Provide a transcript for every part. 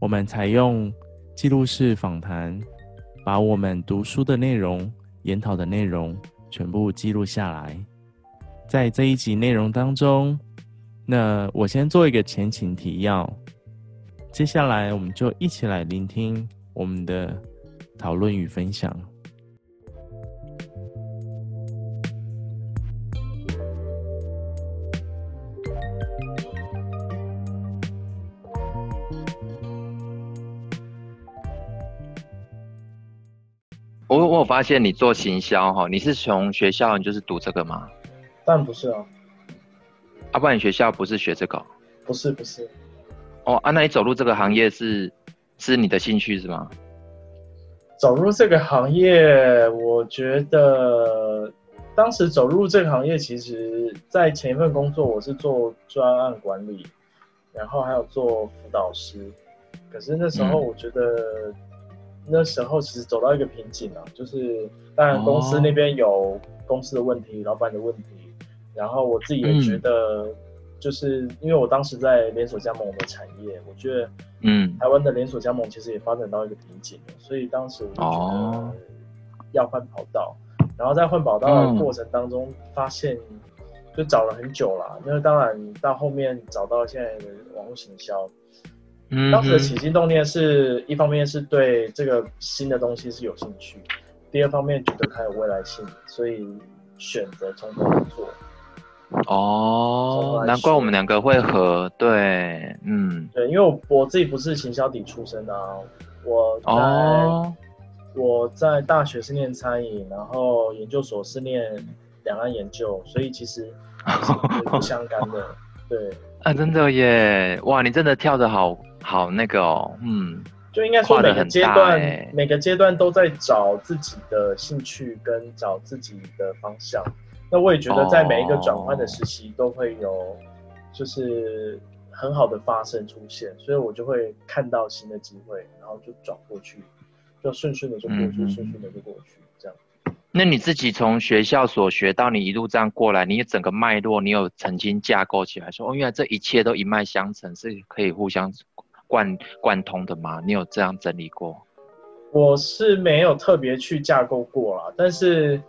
我們採用記錄式訪談，把我們讀書的內容、研討的內容全部記錄下來。在這一集內容當中，那我先做一個前情提要，接下來我們就一起來聆聽我們的討論與分享。發現你做行銷哈，你是從學校你就是讀這個嗎？但不是，哦、啊。阿不，你學校不是學這個？不是不是。哦啊，那你走入這個行業是是你的興趣是嗎？走入這個行業，我覺得當時走入這個行業，其實在前一份工作我是做專案管理，然後還有做輔導師，可是那時候我覺得。嗯那時候其實走到一個瓶頸了啊，就是當然公司那邊有公司的問題，oh. 老板的問題，然後我自己也覺得，就是因為我當時在連鎖加盟我們的產業，我覺得，嗯，台灣的連鎖加盟其實也發展到一個瓶頸，所以當時我就覺得要換跑道，然後在換跑道的過程當中，發現就找了很久了，因為當然到後面找到現在的網絡行銷。嗯，當時的起心動念是一方面是對這個新的東西是有興趣，嗯、哼第二方面覺得它有未來性，所以選擇從頭做。哦，難怪我們兩個會合，對，嗯，對，因為我我自己不是行銷底出身的啊，我在、哦、我在大學是念餐飲，然後研究所是念兩岸研究，所以其實不相干的， 對，啊，真的耶，哇，你真的跳得好。好那個哦，嗯，就應該說每個階段、欸、每個階段都在找自己的興趣跟找自己的方向。那我也覺得在每一個轉換的時期都會有，就是很好的發生出現，所以我就會看到新的機會，然後就轉過去，就順順的就過去，順順的就過去這樣。那你自己從學校所學到你一路這樣過來，你整個脈絡你有曾經架構起來說哦，原來這一切都一脈相承，是可以互相。貫貫通的嗎？你有這樣整理過？我是沒有特別去架構過了，但是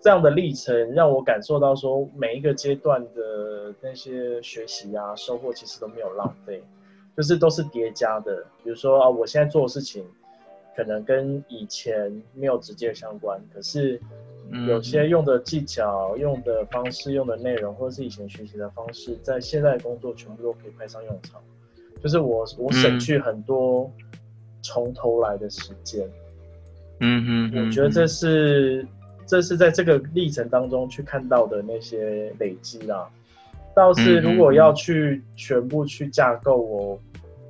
這樣的歷程讓我感受到，說每一個階段的那些學習啊、收穫其實都沒有浪費，就是都是疊加的。比如說啊，我現在做的事情可能跟以前沒有直接相關，可是有些用的技巧、嗯、用的方式、用的內容，或者是以前學習的方式，在現在的工作全部都可以派上用場。就是我，我省去很多從頭來的時間。嗯，我覺得這是這是在這個歷程當中去看到的那些累積啊。倒是如果要去全部去架構哦。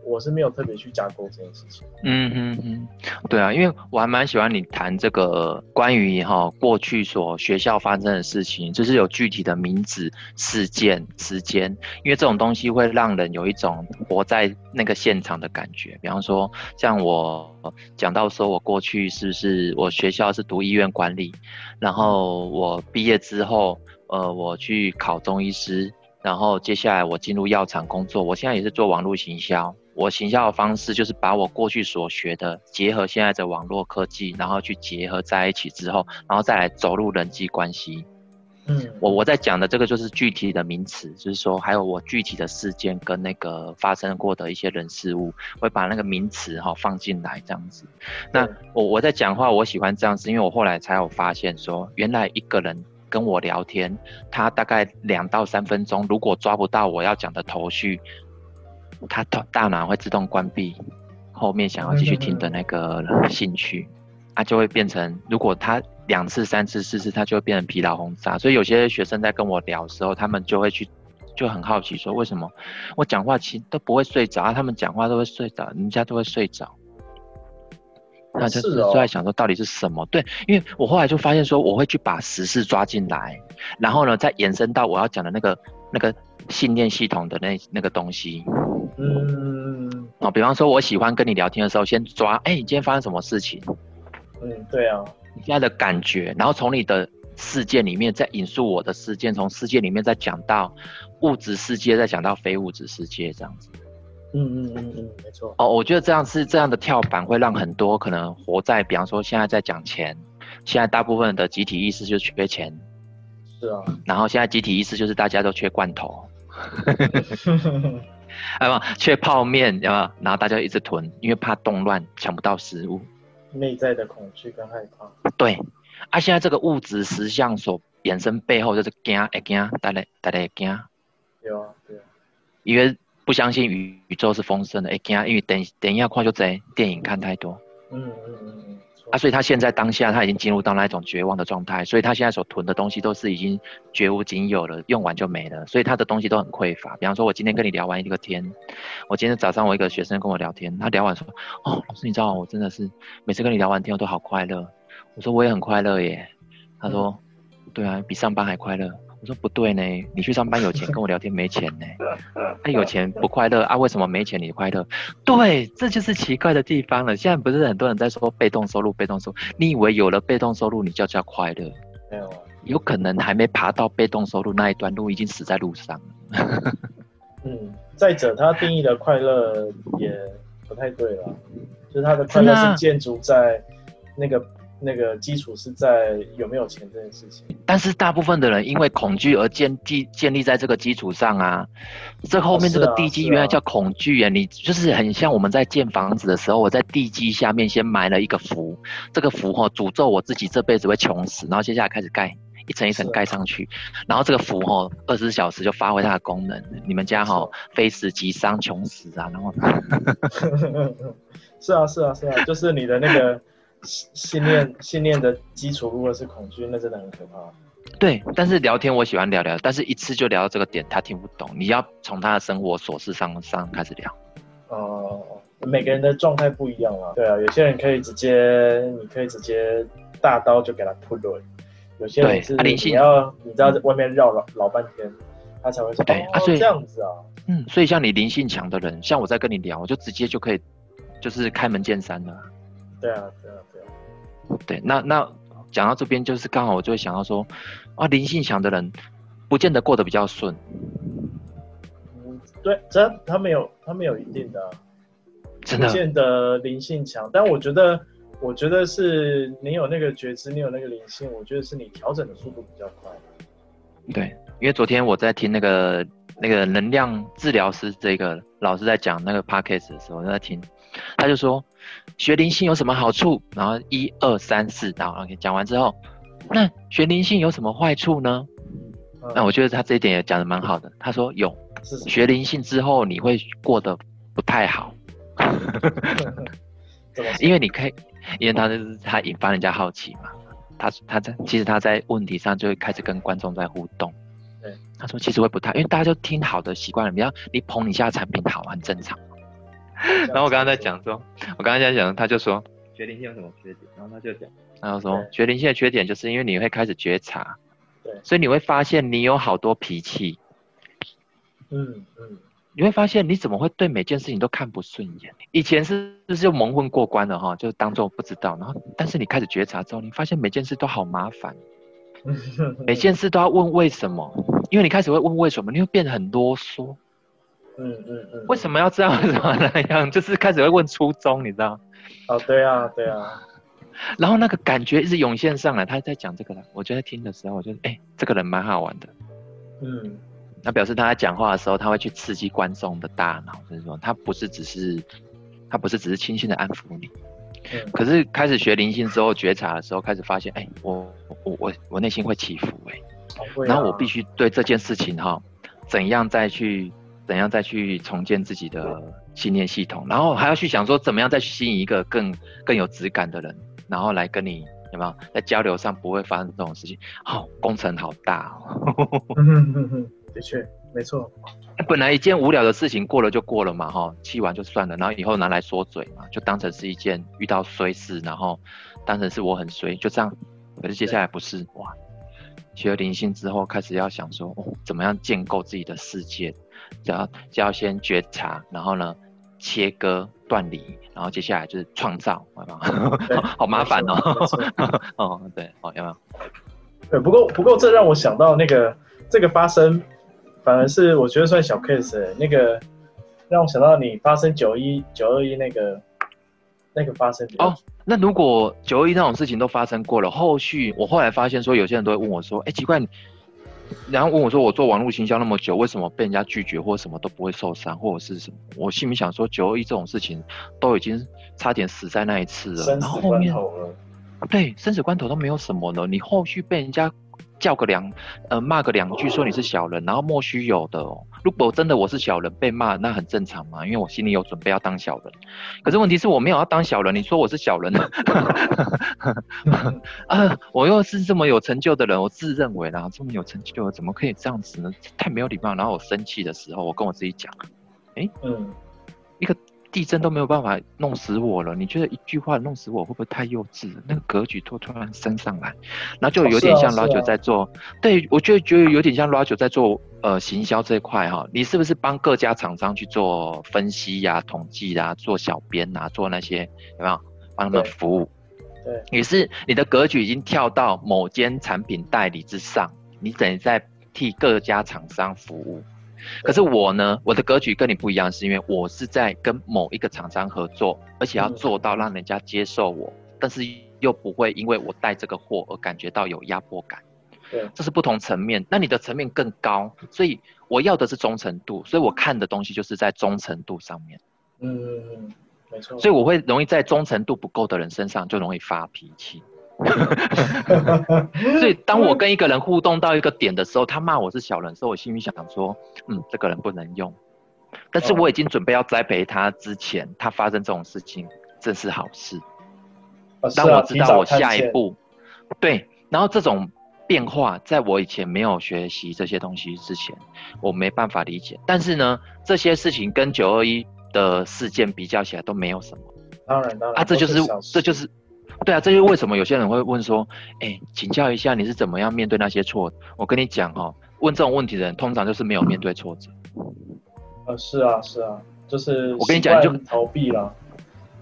我是沒有特別去加工這件事情嗯。嗯嗯嗯，對啊，因為我還蠻喜歡你談這個關於哈、哦、過去所學校發生的事情，就是有具體的名字、事件、時間，因為這種東西會讓人有一種活在那個現場的感覺。比方說，像我、呃、講到說我過去是不是我學校是讀醫院管理，然後我畢業之後，呃，我去考中醫師，然後接下來我進入藥廠工作，我現在也是做網絡行銷。我行銷的方式就是把我過去所學的結合現在的網絡科技，然後去結合在一起之後，然後再來走入人際關係。嗯，我我在講的這個就是具體的名詞，就是說還有我具體的事件跟那個發生過的一些人事物，會把那個名詞哈、哦、放進來這樣子。那我我在講話，我喜歡這樣子，因為我後來才有發現說，原來一個人跟我聊天，他大概兩到三分鐘，如果抓不到我要講的頭緒。他大腦會自動關閉，後面想要繼續聽的那個興趣，嗯嗯嗯啊，就會變成如果他兩次三次四次，他就會變成疲勞轟炸。所以有些學生在跟我聊的時候，他們就會去就很好奇，說為什麼我講話其實都不會睡着，啊，他們講話都會睡着，人家都會睡着。他、哦、就是在想說，到底是什麼？對，因為我後來就發現說，我會去把時事抓進來，然後呢，再延伸到我要講的那個那個信念系統的那那個東西。我嗯，啊、哦，比方說，我喜歡跟你聊天的時候，先抓，哎、欸，你今天發生什麼事情？嗯，對啊，你現在的感覺，然後從你的事件裡面再引述我的事件，從事件裡面再講到物質世界，再講到非物質世界，這樣子。嗯嗯嗯，嗯，沒錯。哦，我覺得這樣是這樣的跳板，會讓很多可能活在，比方說現在在講錢，現在大部分的集體意識就是缺錢。是啊。然後現在集體意識就是大家都缺罐頭。 哎，啊、有缺泡麵，有、啊、沒然後大家一直囤，因為怕動亂搶不到食物。內在的恐懼跟害怕。對，啊，現在這個物質實相所衍生背後就是驚，會驚，大家，大家驚。有啊，對啊。因為不相信宇宇宙是豐盛的，會驚。因為等等一下看，就走，電影看太多。嗯嗯嗯。嗯嗯啊，所以他現在當下他已經進入到那一種絕望的狀態，所以他現在所囤的東西都是已經絕無僅有了，用完就沒了，所以他的東西都很匱乏。比方說，我今天跟你聊完一個天，我今天早上我一個學生跟我聊天，他聊完說，哦，老師你知道嗎？我真的是每次跟你聊完天我都好快樂。我說我也很快樂耶。他說，對啊，比上班還快樂。說，不對呢，你去上班有錢，跟我聊天沒錢呢。他、 啊、有錢不快樂啊？為什麼沒錢你快樂？對，這就是奇怪的地方了。現在不是很多人在說被動收入、被動收入？你以為有了被動收入你就叫快樂？沒有、啊，有可能還沒爬到被動收入那一段路，已經死在路上。 嗯，再者他定義的快樂也不太對了，就是他的快樂是建築在那個那。那個基礎是在有沒有錢這件事情，但是大部分的人因為恐懼而建建立在這個基礎上啊，這後面這個地基原來叫恐懼、欸、啊，啊你就是很像我們在建房子的時候，我在地基下面先埋了一個符，這個符吼詛咒我自己這輩子會窮死，然後接下來開始蓋一層一層蓋上去，啊、然後這個符吼二十四小時就發揮它的功能，你們家吼、啊、非死即傷窮死啊，然後 是啊是啊是啊，就是你的那個。信信念信念的基礎如果是恐懼，那真的很可怕。對，但是聊天我喜歡聊聊，但是一次就聊到這個點，他聽不懂。你要從他的生活瑣事上上開始聊。哦，每個人的狀態不一樣啊。對啊，有些人可以直接，你可以直接大刀就給他 p 落。有些人是、啊、靈性你要你知道在外面繞了老、老半天，他才會說。對、哦啊，所以這樣子啊。嗯，所以像你靈性強的人，像我在跟你聊，我就直接就可以，就是開門見山了。對啊，對啊，對。啊。對，啊，對，那那講到這邊，就是剛好我就會想到說，啊，靈性強的人，不見得過得比較順。嗯，對，這他們有，他們有一定的，真的不見得靈性強，的但我覺得，我覺得是你有那個覺知，你有那個靈性，我覺得是你調整的速度比較快。對，因為昨天我在聽那個那個能量治療師這個老師在講那個 podcast 的時候，我在聽，他就說。學靈性有什麼好處？然後一二三四，然後 OK 講完之後，那學靈性有什麼壞處呢？嗯、那我覺得他這一點也講得蠻好的。他說有，學靈性之後你會過得不太好， 因為你可以，因為他就是他引發人家好奇嘛，他他在其實他在問題上就會開始跟觀眾在互動。對他說其實會不太，因為大家就聽好的習慣了，比方你捧你家產品好，很正常。 然後我剛剛在講說，我剛剛在講，他就說決定性有什麼缺點？然後他就講，然後說對決定性的缺點就是因為你會開始覺察，對，所以你會發現你有好多脾氣，嗯，嗯嗯，你會發現你怎麼會對每件事情都看不順眼？以前是就是蒙混過關了哈，就當做不知道。然後但是你開始覺察之後，你發現每件事都好麻煩， 每件事都要問為什麼，因為你開始會問為什麼，你會變得很囉嗦。嗯嗯嗯，為什麼要這樣？為什麼那樣？就是開始會問初衷，你知道？哦，對啊，對啊。 然後那個感覺一直湧現上來，他在講這個了。我覺得聽的時候，我覺得哎，這個人蠻好玩的。嗯。那表示他在講話的時候，他會去刺激觀眾的大腦，就是什麼？他不是只是，他不是只是輕輕的安撫你。嗯、可是開始學靈性之後，覺察的時候，開始發現，哎、欸，我我我我內心會起伏、欸，哎、哦。啊、然後我必須對這件事情哈，怎樣再去？怎樣再去重建自己的信念系統，對然後還要去想說，怎麼樣再去吸引一個更更有質感的人，然後來跟你有沒有在交流上不會發生這種事情？好、哦，工程好大哦。的、嗯、確，沒錯。本來一件無聊的事情，過了就過了嘛，哈，氣完就算了，然後以後拿來說嘴嘛，就當成是一件遇到衰事，然後當成是我很衰，就這樣。可是接下來不是對哇？學了靈性之後，開始要想說，哦，怎麼樣建構自己的世界？只要只要先覺察，然後呢，切割斷離，然後接下來就是創造，有有對 好麻煩哦。 哦，對，好、哦，要不對，不過不過這讓我想到那個這個發生，反而是我覺得算小 case，欸。那個讓我想到你發生九一九二一那個那個發生哦。那如果九二一那種事情都發生過了，後續我後來發現說，有些人都會問我說，哎，奇怪。然後問我說：“我做網絡行銷那麼久，為什麼被人家拒絕或什麼都不會受傷，或者是什麼？”我心裡想說：“九二一這種事情，都已經差點死在那一次了，生死關頭了。然後後面，對，生死關頭都沒有什麼了，你後續被人家。”叫個兩，呃，罵個兩句，說你是小人，oh. 然後莫須有的，喔。如果真的我是小人被罵，那很正常嘛，因為我心裡有準備要當小人。可是問題是我沒有要當小人，你說我是小人， 啊，我又是這麼有成就的人，我自認為啦，這麼有成就，怎麼可以這樣子呢？太沒有禮貌。然後我生氣的時候，我跟我自己講，哎，欸，嗯，一個。地震都沒有辦法弄死我了，你覺得一句話弄死我會不會太幼稚？那個格局突然突然升上來，然後就有點像老九在做，哦啊啊、對我就覺、覺得有點像老九在做呃行銷這一塊哈、哦。你是不是幫各家廠商去做分析呀、啊、統計啊、做小編啊、做那些有沒有幫他們服務？對，對也是你的格局已經跳到某間產品代理之上，你等於在替各家廠商服務。可是我呢，對我的格局跟你不一樣，是因為我是在跟某一個廠商合作，而且要做到讓人家接受我，但是又不會因為我帶這個貨而感覺到有壓迫感。對這是不同層面。那你的層面更高，所以我要的是忠誠度，所以我看的東西就是在忠誠度上面。嗯，嗯，沒錯。所以我會容易在忠誠度不夠的人身上就容易發脾氣。 所以，當我跟一個人互動到一個點的時候，他罵我是小人時候，所以我心裡想說，嗯，這個人不能用。但是我已經準備要栽培他之前，他發生這種事情，真是好事。當我知道我下一步，對，然後這種變化，在我以前沒有學習這些東西之前，我沒辦法理解。但是呢，這些事情跟九二一的事件比較起來都沒有什麼。當然，當然是啊，這就是，這就是。對啊，這就是為什麼有些人會問說，哎，請教一下你是怎麼樣面對那些挫折？我跟你講哈、哦，問這種問題的人通常就是沒有面對挫折。呃，是啊，是啊，就是我跟你講，你就逃避了。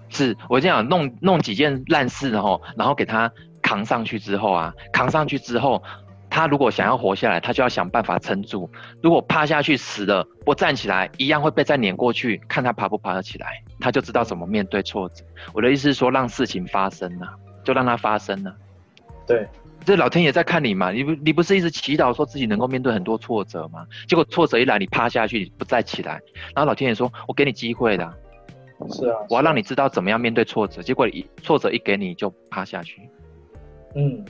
是我這樣弄弄幾件爛事、哦，然後然後給他扛上去之後啊，扛上去之後。他如果想要活下來，他就要想辦法撐住。如果趴下去死了，不站起來，一樣會被再碾過去。看他爬不爬得起來，他就知道怎麼面對挫折。我的意思是說，讓事情發生了、啊，就讓它發生了、啊。對，這老天爺在看你嘛？你不，你不是一直祈禱說自己能夠面對很多挫折嗎？結果挫折一來，你趴下去，你不再起來。然後老天爺說：「我給你機會的。」是啊，是啊，我要讓你知道怎麼樣面對挫折。結果一挫折一給你就趴下去。嗯。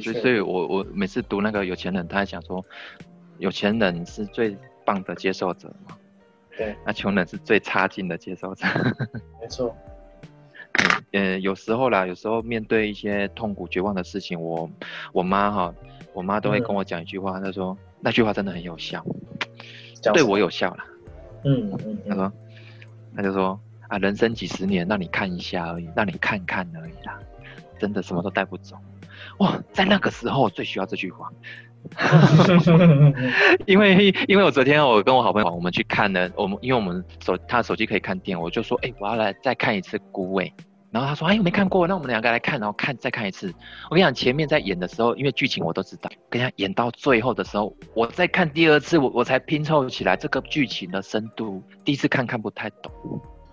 所以，所以我我每次讀那個有錢人，他還想說，有錢人是最棒的接受者嘛，對，那窮人是最差勁的接受者。沒錯錯。呃 有時候啦，有時候面對一些痛苦絕望的事情，我我媽哈，我媽都會跟我講一句話，她、嗯、說那句話真的很有效，室對我有效了、嗯。嗯嗯。她說，他就說啊，人生幾十年，讓你看一下而已，讓你看看而已啦，真的什麼都帶不走。哇，在那個時候我最需要這句話， 因為因為我昨天我跟我好朋友，我們去看了，我們因為我們手他的手機可以看電，我就說，誒、欸、我要來再看一次孤味，然後他說，哎、欸，我沒看過，那我們兩個來看，然後看再看一次。我跟你講，前面在演的時候，因為劇情我都知道，跟講演到最後的時候，我再看第二次，我我才拼湊起來這個劇情的深度，第一次看看不太懂。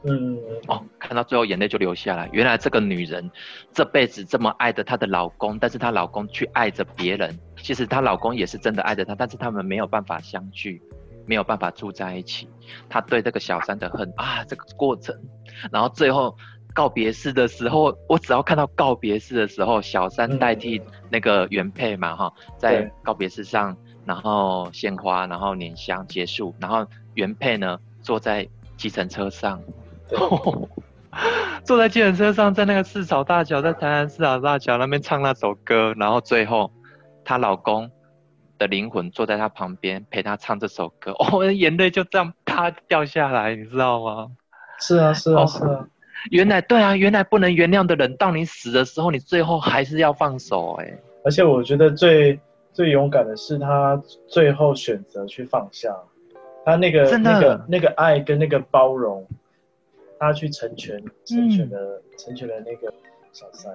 嗯，哦，看到最後眼淚就流下來。原來這個女人這輩子這麼愛着她的老公，但是她老公去愛着別人。其實她老公也是真的愛着她，但是他們沒有辦法相聚，沒有辦法住在一起。她對這個小三的恨啊，這個過程。然後最後告別式的時候，我只要看到告別式的時候，小三代替那個原配嘛，哈、嗯，在告別式上，對然後獻花，然後拈香結束，然後原配呢坐在計程車上。 坐在計程車上，在那個四草大橋，在台南四草大橋那邊唱那首歌，然後最後，她老公的靈魂坐在她旁邊陪她唱這首歌，哦，眼淚就這樣啪掉下來，你知道嗎？是啊，是啊，哦、是啊。是啊原來，對啊，原來不能原諒的人，到你死的時候，你最後還是要放手。欸。哎，而且我覺得最最勇敢的是她最後選擇去放下，她那個的那個那個愛跟那個包容。他去成全，成全的，嗯、成全了那個小三，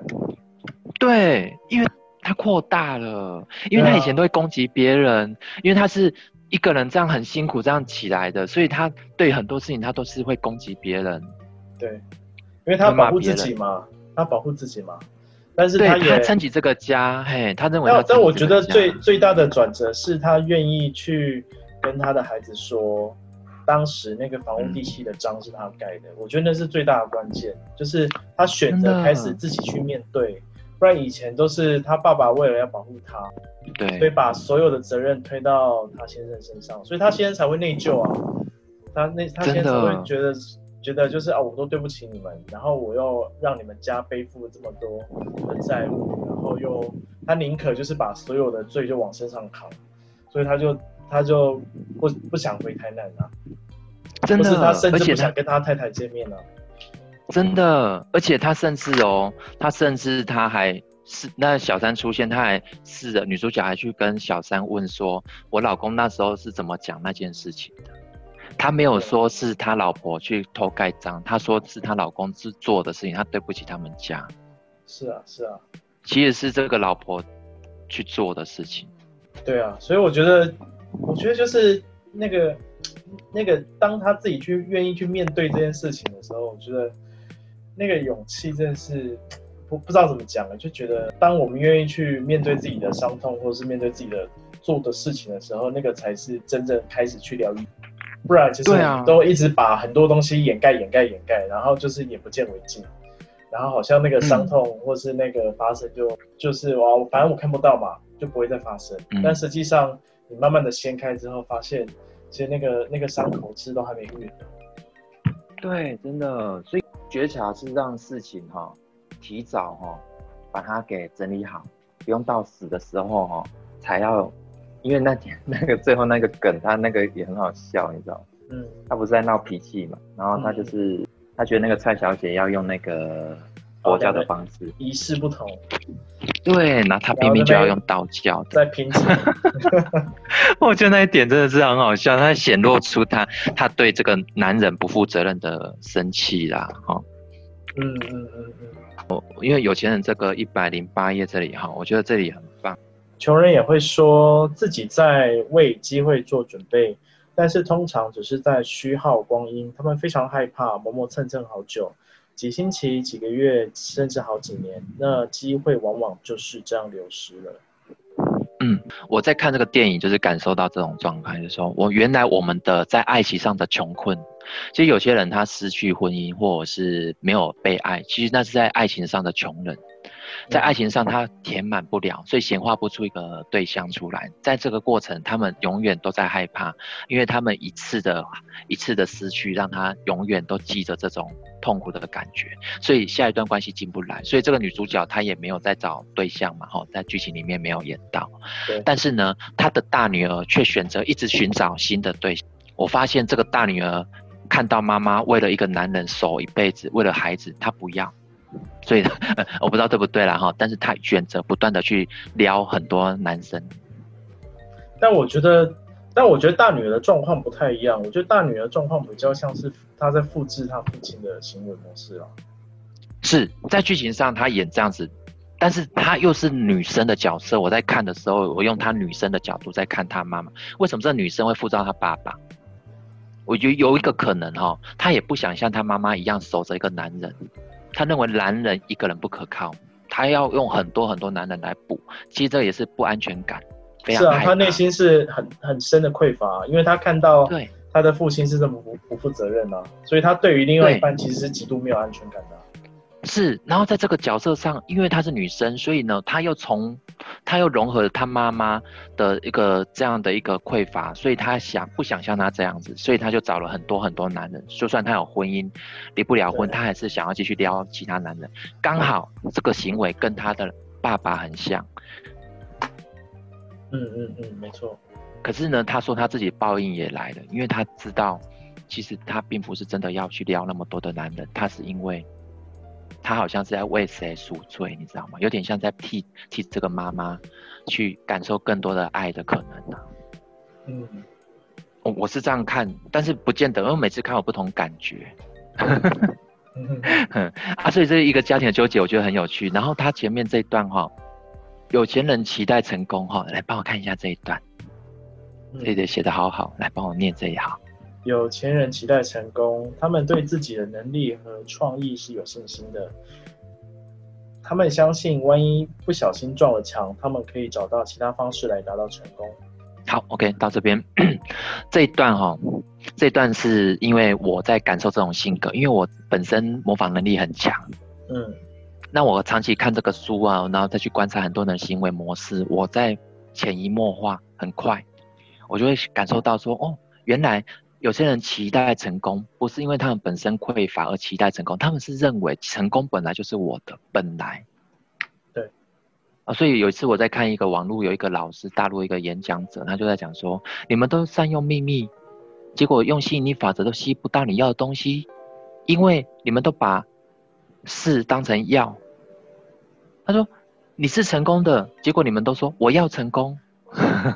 對，因為他擴大了，因為他以前都會攻擊別人，啊、因為他是一個人這樣很辛苦這樣起來的，所以他對很多事情他都是會攻擊別人，對，因為他保護自己嘛，他保護自己嘛，但是他也撐起這個家，嘿，他認為他，但但我覺得最最大的轉折是他願意去跟他的孩子說。當時那個房屋地契的章是他蓋的，嗯、我覺得那是最大的關鍵，就是他選擇開始自己去面對，的不然以前都是他爸爸為了要保護他，對，所以把所有的責任推到他先生身上，所以他先生才會內疚啊，他那他先生會覺得的覺得就是啊，我都對不起你們，然後我又讓你們家背負了這麼多的債務，然後又他寧可就是把所有的罪就往身上扛，所以他就。他就不不想回台南了、啊，真的。而且他甚至想跟他太太見面了、啊，真的。而且他甚至哦，他甚至他還是那小三出現，他還是女主角還去跟小三問說：“我老公那時候是怎麼講那件事情的？”他沒有說是他老婆去偷蓋章，他說是他老公是做的事情，他對不起他們家。是啊，是啊，其實是這個老婆去做的事情。對啊，所以我覺得。我覺得就是那個那個，當他自己去願意去面對這件事情的時候，我覺得那個勇氣真的是不不知道怎麼講了。就覺得當我們願意去面對自己的傷痛，或是面對自己的做的事情的時候，那個才是真正開始去療癒。不然其實都一直把很多東西掩蓋、掩蓋、掩蓋，然後就是眼不見為淨，然後好像那個傷痛、嗯、或是那個發生就就是我反正我看不到嘛，就不會再發生。嗯、但實際上。你慢慢的掀開之後，發現其實那個那個傷口其實都還沒癒合。對，真的，所以覺察是讓事情哈、哦、提早哈、哦、把它給整理好，不用到死的時候哈、哦、才要。因為那天那個最後那個梗，他那個也很好笑，你知道？嗯。他不是在鬧脾氣嘛？然後他就是他、嗯、覺得那個蔡小姐要用那個佛教的方式，哦那個、儀式不同。嗯對，然後他明明就要用道教，在拼。 我覺得那一點真的是很好笑，他顯露出他他對這個男人不負責任的生氣啦，哈、哦嗯。嗯嗯嗯嗯。我、嗯、因為有錢人這個一百零八頁這裡哈，我覺得這裡很棒。窮人也會說自己在為機會做準備，但是通常只是在虛耗光陰，他們非常害怕磨磨蹭蹭好久，幾星期、幾個月，甚至好幾年，那機會往往就是這樣流失了。嗯，我在看這個電影，就是感受到這種狀態的時候，我原來我們的在愛情上的窮困，其實有些人他失去婚姻，或者是沒有被愛，其實那是在愛情上的窮人。在愛情上，他填滿不了，所以顯化不出一個對象出來。在這個過程，他們永遠都在害怕，因為他們一次的、一次的失去，讓他永遠都記着這種痛苦的感覺。所以下一段關係進不來，所以這個女主角她也沒有再找對象嘛，哈，在劇情裡面沒有演到。對，但是呢，她的大女兒卻選擇一直尋找新的對象。我發現這個大女兒看到媽媽為了一個男人守一輩子，為了孩子，她不要。所以我不知道對不對了哈，但是他選擇不斷的去撩很多男生。但我覺得，但我覺得大女兒的狀況不太一樣。我覺得大女兒狀況比較像是她在複製她父親的行為模式啊。是在劇情上她演這樣子，但是她又是女生的角色。我在看的時候，我用她女生的角度在看她媽媽。為什麼這女生會複製她爸爸？我覺得有一個可能哈，她也不想像她媽媽一樣守着一個男人。他認為男人一個人不可靠，他要用很多很多男人來補。其實這也是不安全感，是啊，他內心是很很深的匱乏，因為他看到對他的父親是這麼不不負責任啊，所以他對於另外一半其實是極度沒有安全感的啊。是，然後在這個角色上，因為她是女生，所以呢，她又從，她又融合了她媽媽的一個這樣的一個匱乏，所以她想不想像她這樣子？所以她就找了很多很多男人，就算她有婚姻，離不了婚，她對還是想要繼續撩其他男人。剛好這個行為跟她的爸爸很像，嗯嗯嗯，沒錯。可是呢，她說她自己的報應也來了，因為她知道，其實她並不是真的要去撩那麼多的男人，她是因為。他好像是在為誰贖罪，你知道嗎？有點像在替替這個媽媽去感受更多的愛的可能呢、啊。嗯、哦，我是這樣看，但是不見得，因、哦、為每次看我不同感覺。 嗯哼嗯、啊，所以這個一個家庭的糾結，我覺得很有趣。然後他前面這一段哈、哦，有錢人期待成功哈、哦，來幫我看一下這一段。對對、嗯，寫得好好，來幫我念這一行。有錢人期待成功，他們對自己的能力和創意是有信心的。他們相信，萬一不小心撞了牆，他們可以找到其他方式來達到成功。好，OK，到這邊 這一段哈、哦，這一段是因為我在感受這種性格，因為我本身模仿能力很強。嗯，那我長期看這個書啊，然後再去觀察很多人的行為模式，我在潛移默化，很快我就會感受到說，哦，原來。有些人期待成功，不是因為他們本身匱乏而期待成功，他們是認為成功本來就是我的，本來，對，啊，所以有一次我在看一個網絡，有一個老師，大陸一個演講者，他就在講說，你們都善用秘密，結果用吸引力法則都吸不到你要的東西，因為你們都把，是當成要。他說，你是成功的，結果你們都說我要成功，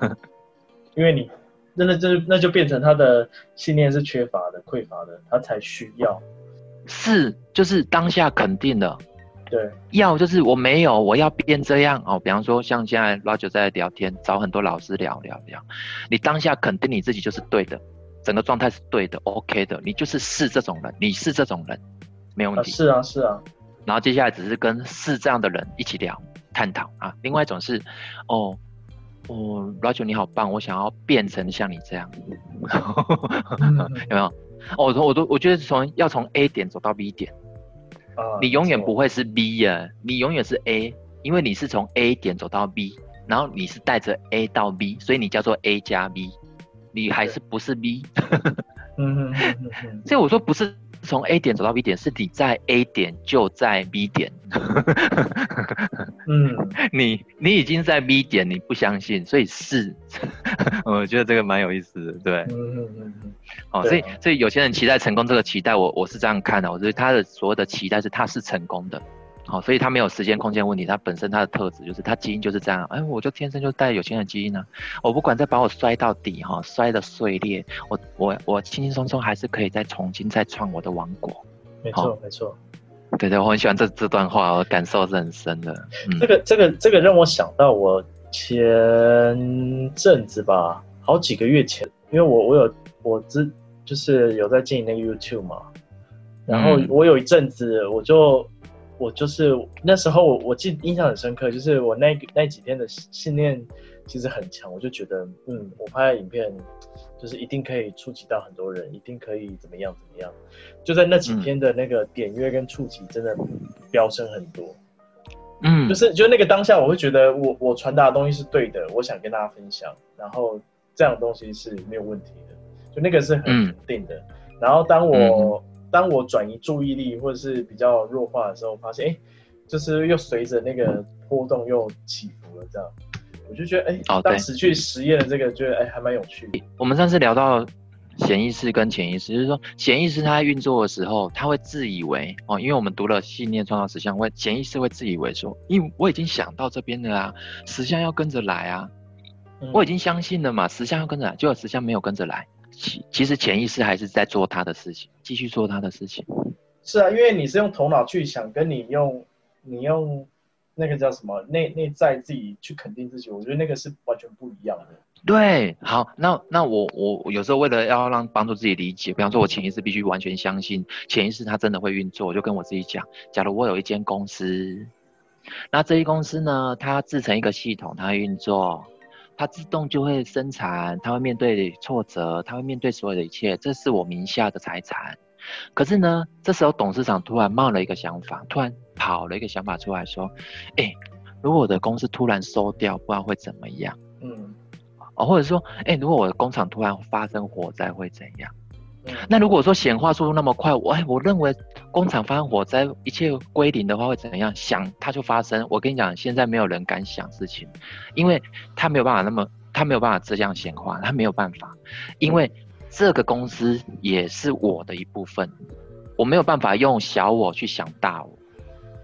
因為你。那那這那就變成他的信念是缺乏的、匱乏的，他才需要是，就是當下肯定的，對，要就是我沒有，我要變這樣哦。比方說，像現在老九在聊天，找很多老師聊聊聊，你當下肯定你自己就是對的，整個狀態是對的，OK 的，你就是是這種人，你是這種人，沒問題。啊是啊，是啊。然後接下來只是跟是這樣的人一起聊、探討啊。另外一種是，嗯、哦。哦，老九你好棒！我想要變成像你這樣， 有沒有？哦、oh,，我都，我覺得從要從 A 點走到 B 點，oh, 你永遠不會是 B 呀，oh, 你永遠是 A，、oh. 因為你是從 A 點走到 B，然後你是帶着 A 到 B，所以你叫做 A 加 B，、oh. 你還是不是 B？ oh, oh, oh, oh. 所以我說不是。從 A 點走到 B 點，是你在 A 點就在 B 點。 嗯，你你已經在 B 點，你不相信，所以是。 我覺得這個蠻有意思的，對。哦、嗯嗯嗯嗯喔，所以所以有些人期待成功，這個期待我我是這樣看的，我覺得他的所謂的期待是他是成功的。好，所以他沒有時間、空間問題。他本身他的特質就是，他基因就是這樣。哎，我就天生就帶有錢的基因呢、啊。我不管再把我摔到底哈，摔的碎裂，我我我輕輕鬆鬆還是可以再重新再創我的王國。沒錯，沒錯。對對，我很喜歡這這段話，我感受是很深的。嗯、這個這個這個讓我想到我前陣子吧，好幾個月前，因為我我有我之就是有在經營那個 YouTube 嘛，然後我有一陣子我就。嗯我就是那時候我，我我記印象很深刻，就是我那那幾天的信念其實很強，我就覺得嗯，我拍的影片就是一定可以觸及到很多人，一定可以怎麼樣怎麼樣，就在那幾天的那個點閱跟觸及真的飆升很多，嗯，就是就那個當下我會覺得我我傳達的東西是對的，我想跟大家分享，然後這樣的東西是沒有問題的，就那個是很肯定的，嗯，然後當我。嗯當我轉移注意力或者是比較弱化的時候，發現哎、欸，就是又隨着那個波動又起伏了這樣，我就覺得哎、欸、哦，對，當時去實驗的這個，覺得哎還蠻有趣的。我們上次聊到潛意識跟潛意識，就是說潛意識它在運作的時候，它會自以為哦，因為我們讀了信念創造實相，會潛意識會自以為說，因為我已經想到這邊的啊，實相要跟着來啊，嗯、我已經相信了嘛，實相要跟着來，結果實相沒有跟着來。其實潛意識還是在做他的事情，繼續做他的事情。是啊，因為你是用頭腦去想，跟你用，你用那個叫什麼內內在自己去肯定自己，我覺得那個是完全不一樣的。對，好，那那我我有時候為了要讓幫助自己理解，比方說我潛意識必須完全相信潛意識他真的會運作，我就跟我自己講，假如我有一間公司，那這一公司呢，它制成一個系統，它運作。他自動就會生產，他會面對挫折，他會面對所有的一切。這是我名下的財產，可是呢，這時候董事長突然冒了一個想法，突然跑了一個想法出來說：“哎、欸，如果我的公司突然收掉，不知道會怎麼樣？嗯，哦，或者說，哎、欸，如果我的工廠突然發生火災會怎樣？嗯、那如果說顯化速度那麼快，我、欸、我認為。”工廠發生火災，一切歸零的話會怎樣？想它就發生。我跟你講，現在沒有人敢想事情，因為他沒有辦法那麼，他沒有辦法這樣顯化，他沒有辦法，因為這個公司也是我的一部分，我沒有辦法用小我去想大我，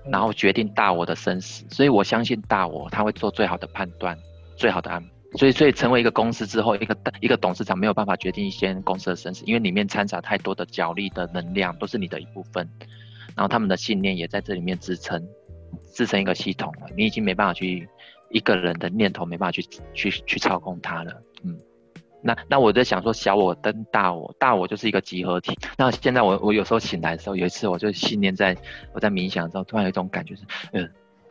然後決定大我的生死。所以我相信大我，他會做最好的判斷，最好的安排。所以，所以成為一個公司之後，一個大一個董事長沒有辦法決定一間公司的生死，因為裡面摻雜太多的角力的能量，都是你的一部分，然後他們的信念也在這裡面支撐，支撐一個系統了。你已經沒辦法去一個人的念頭，沒辦法去去去操控它了。嗯，那那我在想說，小我跟大我，大我就是一個集合體。那現在我我有時候醒來的時候，有一次我就信念在，我在冥想的時候，突然有一種感覺是，嗯、呃，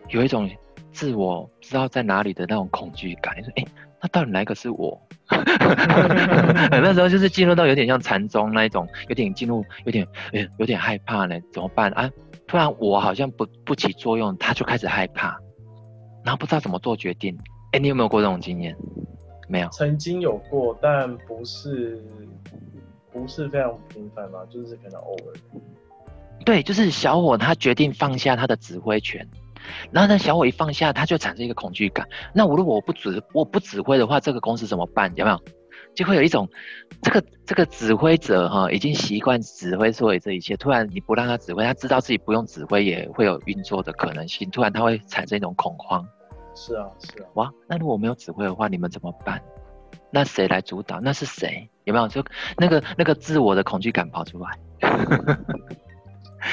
有一種。自我不知道在哪裡的那種恐懼感，你說，哎，那到底哪一個是我？ 那時候就是進入到有點像禪宗那一種，有點進入，有點、欸，有點害怕呢，怎麼辦啊？突然我好像不不起作用，他就開始害怕，然後不知道怎麼做決定。哎、欸，你有沒有過這種經驗？沒有，曾經有過，但不是不是非常頻繁嘛，就是可能偶爾。對，就是小伙他決定放下他的指揮權。然後呢，小我一放下，他就產生一個恐懼感。那我如果我不指我不指揮的話，這個公司怎麼辦？有沒有？就會有一種這個這個指揮者哈，已經習慣指揮所有這一切。突然你不讓他指揮，他知道自己不用指揮也會有運作的可能性。突然他會產生一種恐慌。是啊，是啊。哇，那如果沒有指揮的話，你們怎麼辦？那誰來主導？那是誰？有沒有？就那個那個自我的恐懼感跑出來。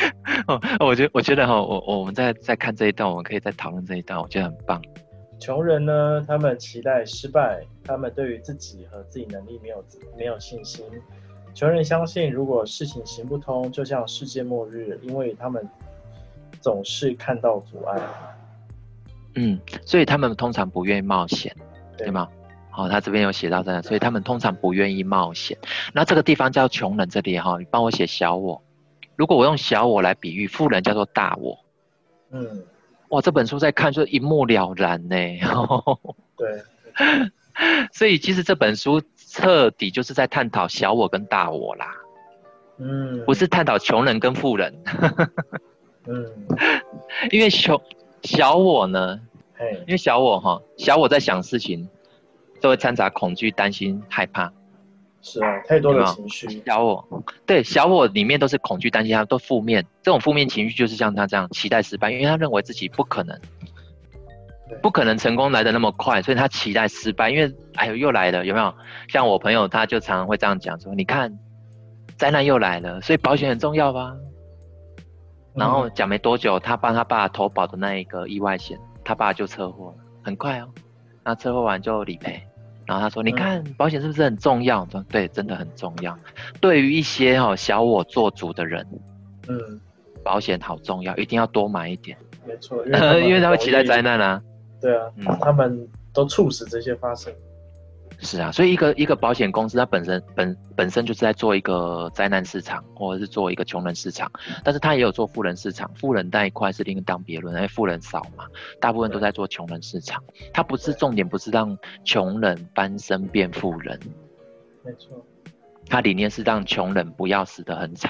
哦，我覺我覺得哈，我我們在在看這一段，我們可以再討論這一段，我覺得很棒。窮人呢，他們期待失敗，他們對於自己和自己能力沒有沒有信心。窮人相信，如果事情行不通，就像世界末日，因為他們總是看到阻礙。嗯，所以他們通常不願意冒險，對嗎？好，哦，他這邊有寫到這樣，嗯，所以他們通常不願意冒險。那這個地方叫窮人這裡哈，你幫我寫小我。如果我用小我來比喻富人，叫做大我。嗯，哇，這本書在看就一目了然呢，欸。對，對 所以其實這本書徹底就是在探討小我跟大我啦。嗯，不是探討窮人跟富人。 嗯，因為窮小，小我呢，嘿因為小我齁，小我在想事情，都會摻雜恐懼、擔心、害怕。是啊，太多的情緒，小我，嗯、對小我裡面都是恐懼、擔心，他都負面。這種負面情緒就是像他這樣期待失敗，因為他認為自己不可能，對不可能成功來得那麼快，所以他期待失敗。因為，哎呦，又來了，有沒有？像我朋友他就常常會這樣講說：“嗯、你看，災難又來了，所以保險很重要吧。嗯”然後講沒多久，他幫他爸投保的那一個意外險，他爸就車禍了，很快哦。那車禍完就理賠。嗯然後他說：“嗯、你看保險是不是很重要？”對，真的很重要。對於一些、喔、小我做主的人，嗯，保險好重要，一定要多買一點。沒錯，因為因為他會期待災難啊。對啊，嗯、他們都促使這些發生。是啊，所以一個一個保險公司，它本身本本身就是在做一個災難市場，或者是做一個窮人市場，但是它也有做富人市場。富人那一塊是另當別論，因為富人少嘛，大部分都在做窮人市場。它對不是重點，不是讓窮人翻身變富人。沒錯對。它理念是讓窮人不要死得很慘。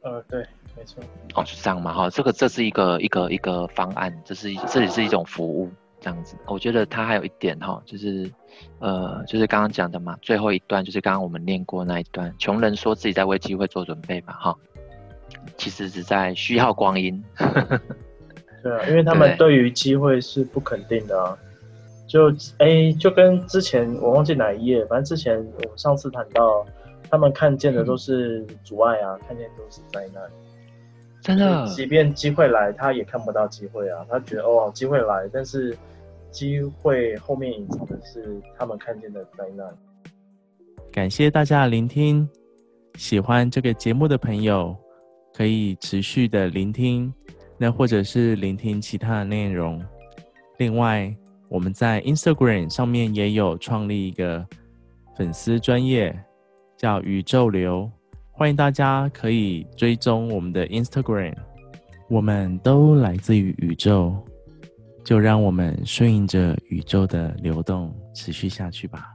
呃，對，沒錯。哦，是這樣嘛？哈、哦，這個這是一個一個一個方案，這是這裡是一種服務。啊啊啊啊這樣子，我覺得他還有一點哈，就是，呃，就是剛剛講的嘛，最後一段就是剛剛我們練過那一段，窮人說自己在為機會做準備嘛哈，其實是在虛耗光陰。對啊，因為他們對於機會是不肯定的、啊。對就哎、欸，就跟之前我忘記哪一頁，反正之前我上次談到，他們看見的都是阻礙啊，嗯、看見的都是災難，真的，即便機會來，他也看不到機會啊，他覺得哦，機會來，但是。機會後面隱藏的是他們看見的災難。感謝大家的聆聽，喜歡這個節目的朋友可以持續的聆聽，那或者是聆聽其他的內容。另外，我們在 Instagram 上面也有創立一個粉絲專頁叫宇宙流，歡迎大家可以追蹤我們的 Instagram。我們都來自於宇宙。就讓我們順應着宇宙的流動，持續下去吧。